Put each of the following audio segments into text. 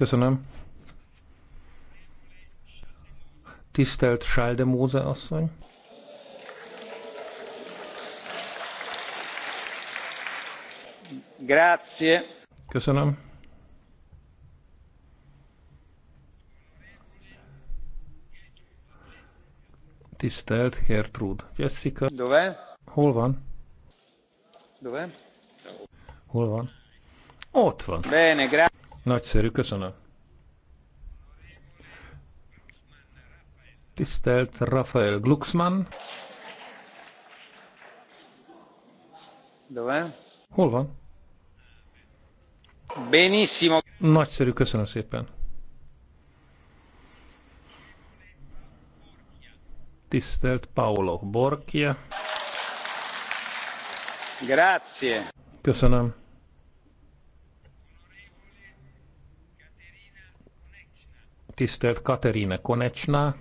Köszönöm. Tisztelt Sáldemóze asszony. Grazie. Köszönöm. Tisztelt Gertrude. Jessica. Dove? Hol van? Dove? Hol van? Ott van. Bene, grazie. Nagyszerű, köszönöm. Tisztelt Rafael Glucksmann. Dove? Hol van? Benissimo. Nagyszerű, köszönöm szépen. Tisztelt Paolo Borkia. Grazie. Köszönöm. tisztelt Katerine Konecsná.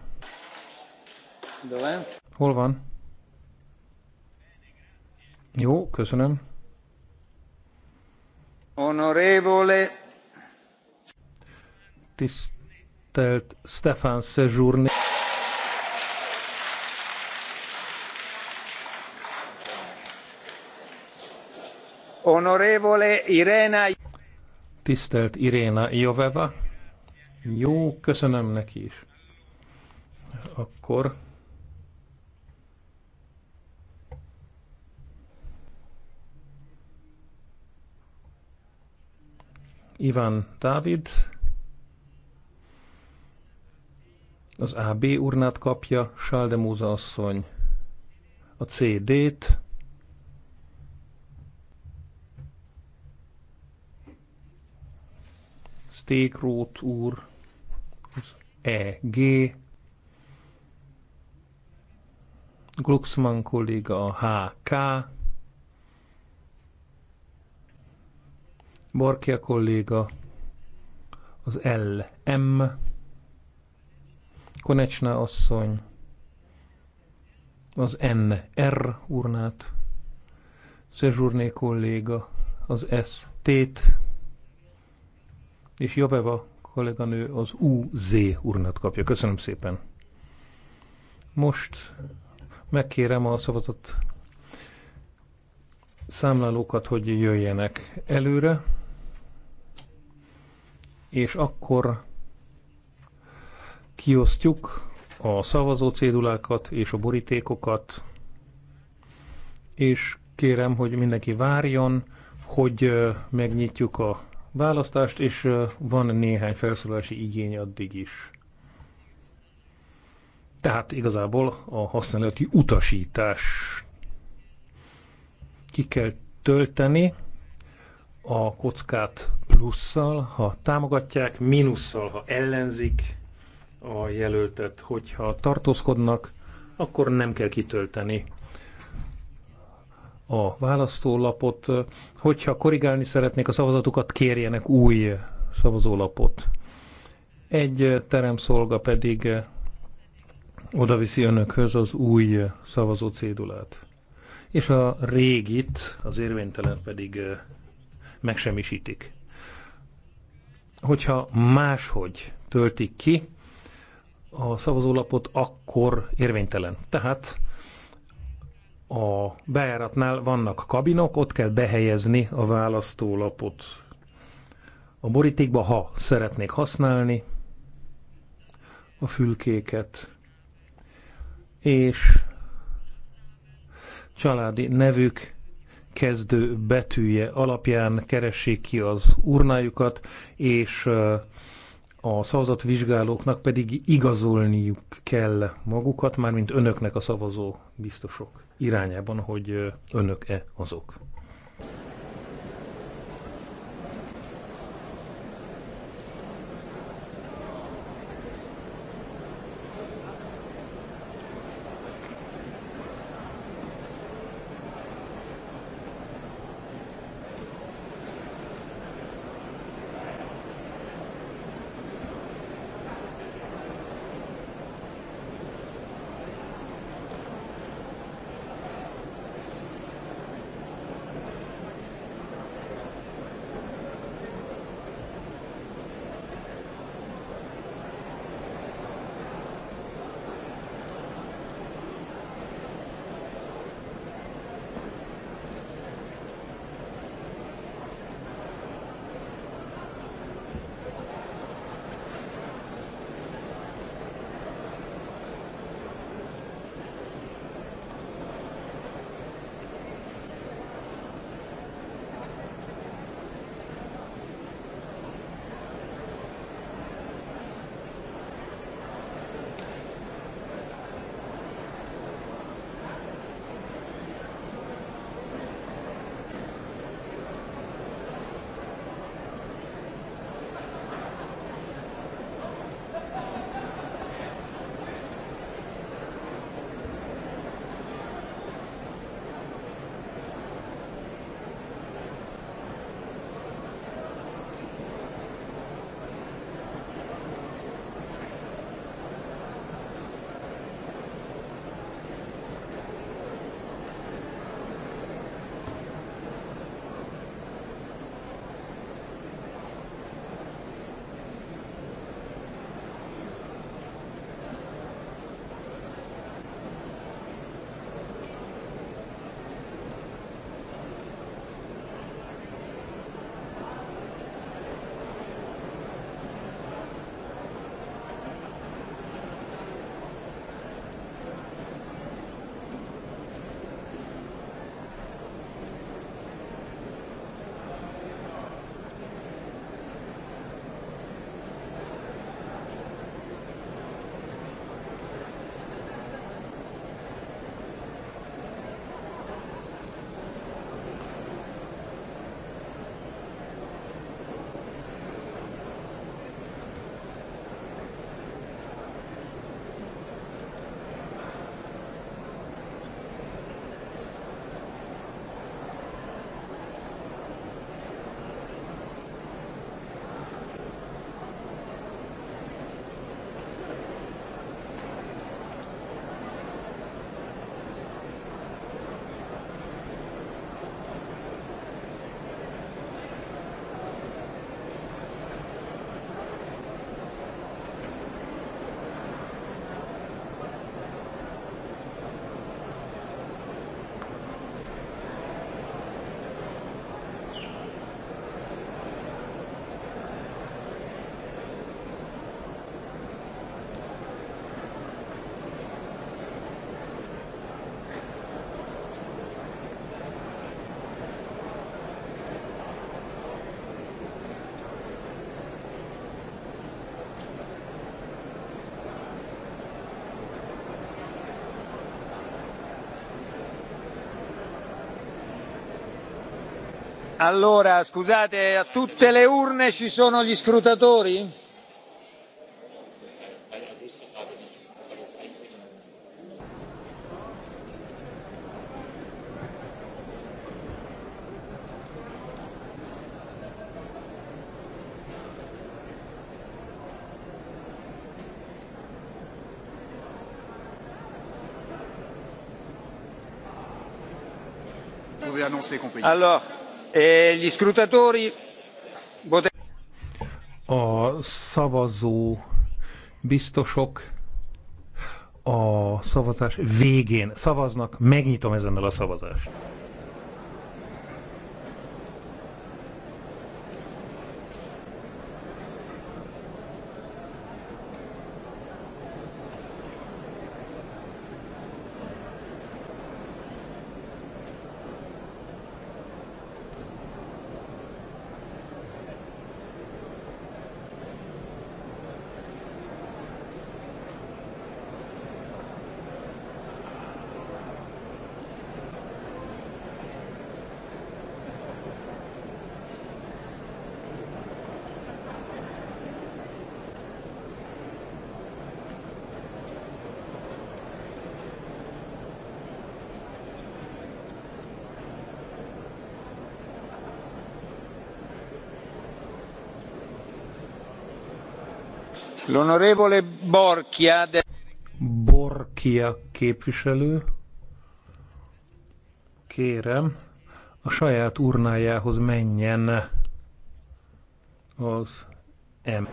Hol van? Jó, köszönöm. Honorevole. Tisztelt Stefan Sejourné. Honorevole Irena. Tisztelt Iréna Joveva. Jó, köszönöm neki is. Akkor Iván Dávid az AB urnát kapja, Sáldemúza asszony a CD-t, Stékrót úr EG, Glucksmann kolléga a HK, Borkia kolléga az LM, Konecsna asszony, az NR urnát, Szezsurné kolléga az ST-t, és Joveva kolléganő az UZ urnát kapja. Köszönöm szépen. Most megkérem a szavazat számlálókat, hogy jöjjenek előre, és akkor kiosztjuk a szavazó cédulákat és a borítékokat, és kérem, hogy mindenki várjon, hogy megnyitjuk a választást, és van néhány felszólalási igény addig is. Tehát igazából a használati utasítás ki kell tölteni a kockát plusszal, ha támogatják, mínusszal, ha ellenzik a jelöltet, hogyha tartózkodnak, akkor nem kell kitölteni a választólapot. Hogyha korrigálni szeretnék a szavazatukat, kérjenek új szavazólapot. Egy teremszolga pedig odaviszi önökhöz az új szavazó cédulát. És a régit, az érvénytelen pedig megsemmisítik. Hogyha máshogy töltik ki a szavazólapot, akkor érvénytelen. Tehát a bejáratnál vannak kabinok, ott kell behelyezni a választólapot. A borítékba, ha szeretnék használni a fülkéket, és családi nevük kezdő betűje alapján keressék ki az urnájukat, és a szavazatvizsgálóknak pedig igazolniuk kell magukat, mármint önöknek a szavazó biztosok irányában, hogy önök-e azok. Allora, scusate, a tutte le urne ci sono gli scrutatori? Allora. E a szavazó biztosok a szavazás végén szavaznak. Megnyitom ezennel a szavazást. L'onorevole Borchia Borchia képviselő, kérem, a saját urnájához menjen az M.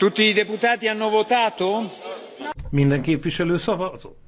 Tutti i deputati hanno votato? Minden képviselő szavazott?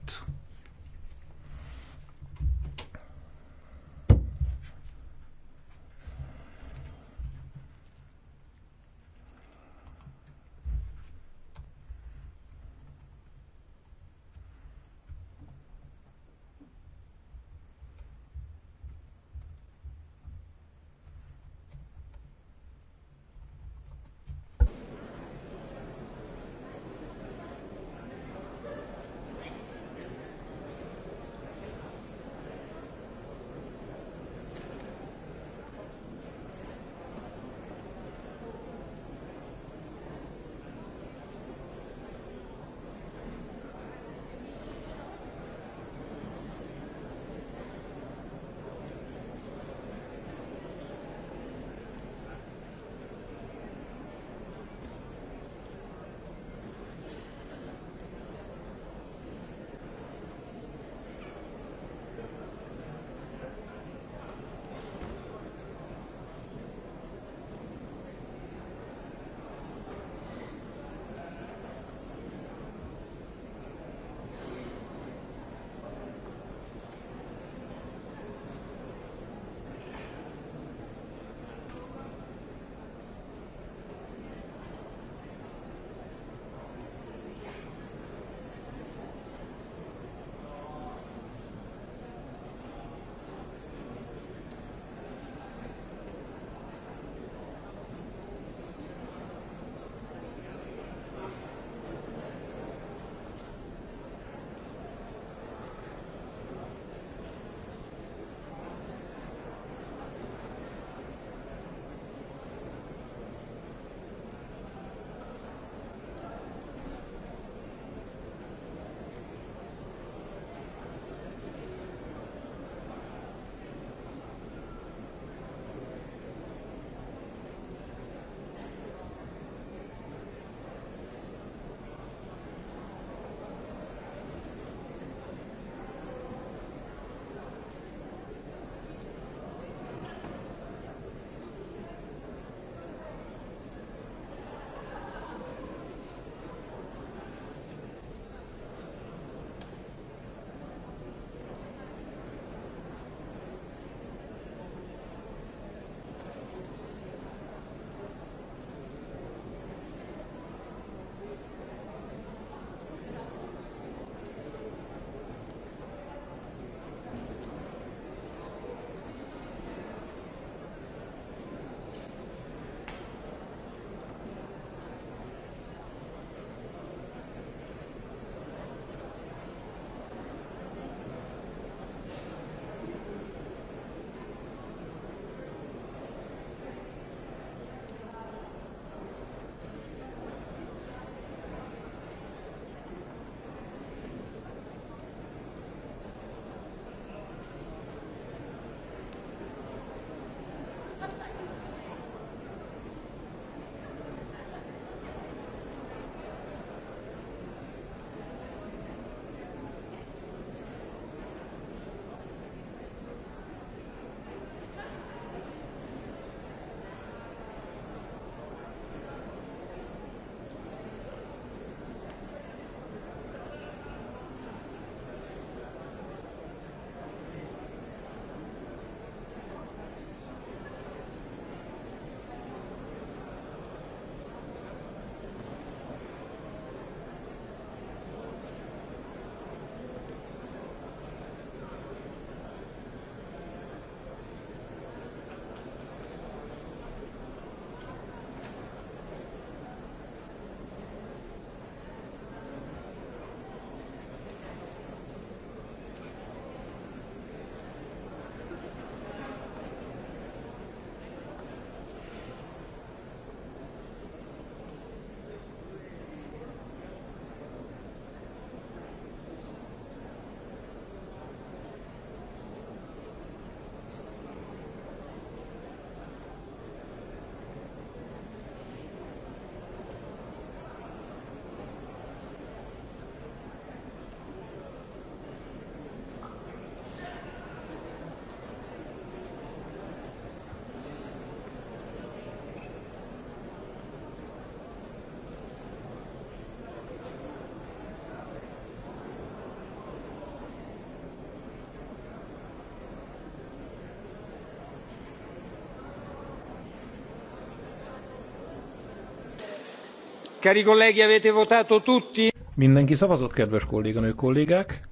Cari colleghi, avete votato tutti? Mindenki szavazott, kedves kolléganő kollégák?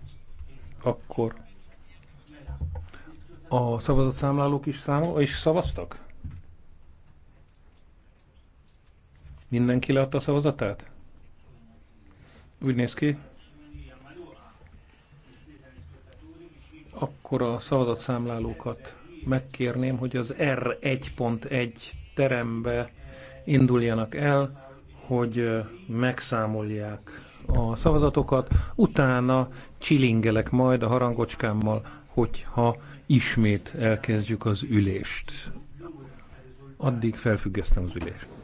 Akkor a számlálók is számol, és szavaztak? Mindenki leadta a szavazatát? Úgy néz ki. Akkor a számlálókat megkérném, hogy az R1.1 terembe induljanak el, hogy megszámolják a szavazatokat, utána csilingelek majd a harangocskámmal, hogyha ismét elkezdjük az ülést. Addig felfüggesztem az ülést.